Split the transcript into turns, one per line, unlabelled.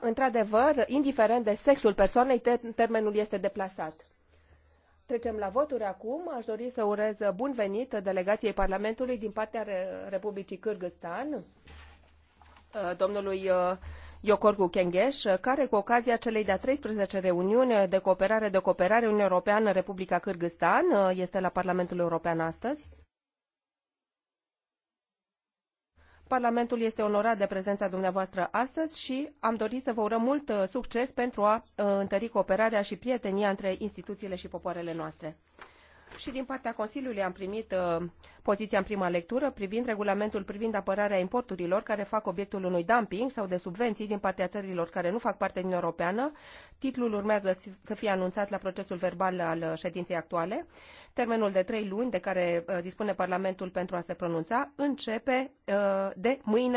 într-adevăr, indiferent de sexul persoanei, termenul este deplasat. Trecem la voturi acum. Aș dori să urez bun venit delegației Parlamentului din partea Republicii Cârgăstan, uh, domnului uh, Iocorgu Kengeș, care cu ocazia celei de-a 13 reuniuni de cooperare de cooperare Uniunea Europeană-Republica Cârgăstan uh, este la Parlamentul European astăzi. Parlamentul este onorat de prezența dumneavoastră astăzi și am dorit să vă urăm mult uh, succes pentru a uh, întări cooperarea și prietenia între instituțiile și popoarele noastre și din partea Consiliului am primit uh, poziția în prima lectură privind regulamentul privind apărarea importurilor care fac obiectul unui dumping sau de subvenții din partea țărilor care nu fac parte din Europeană. Titlul urmează să fie anunțat la procesul verbal al uh, ședinței actuale. Termenul de trei luni de care uh, dispune Parlamentul pentru a se pronunța începe uh, de mâine.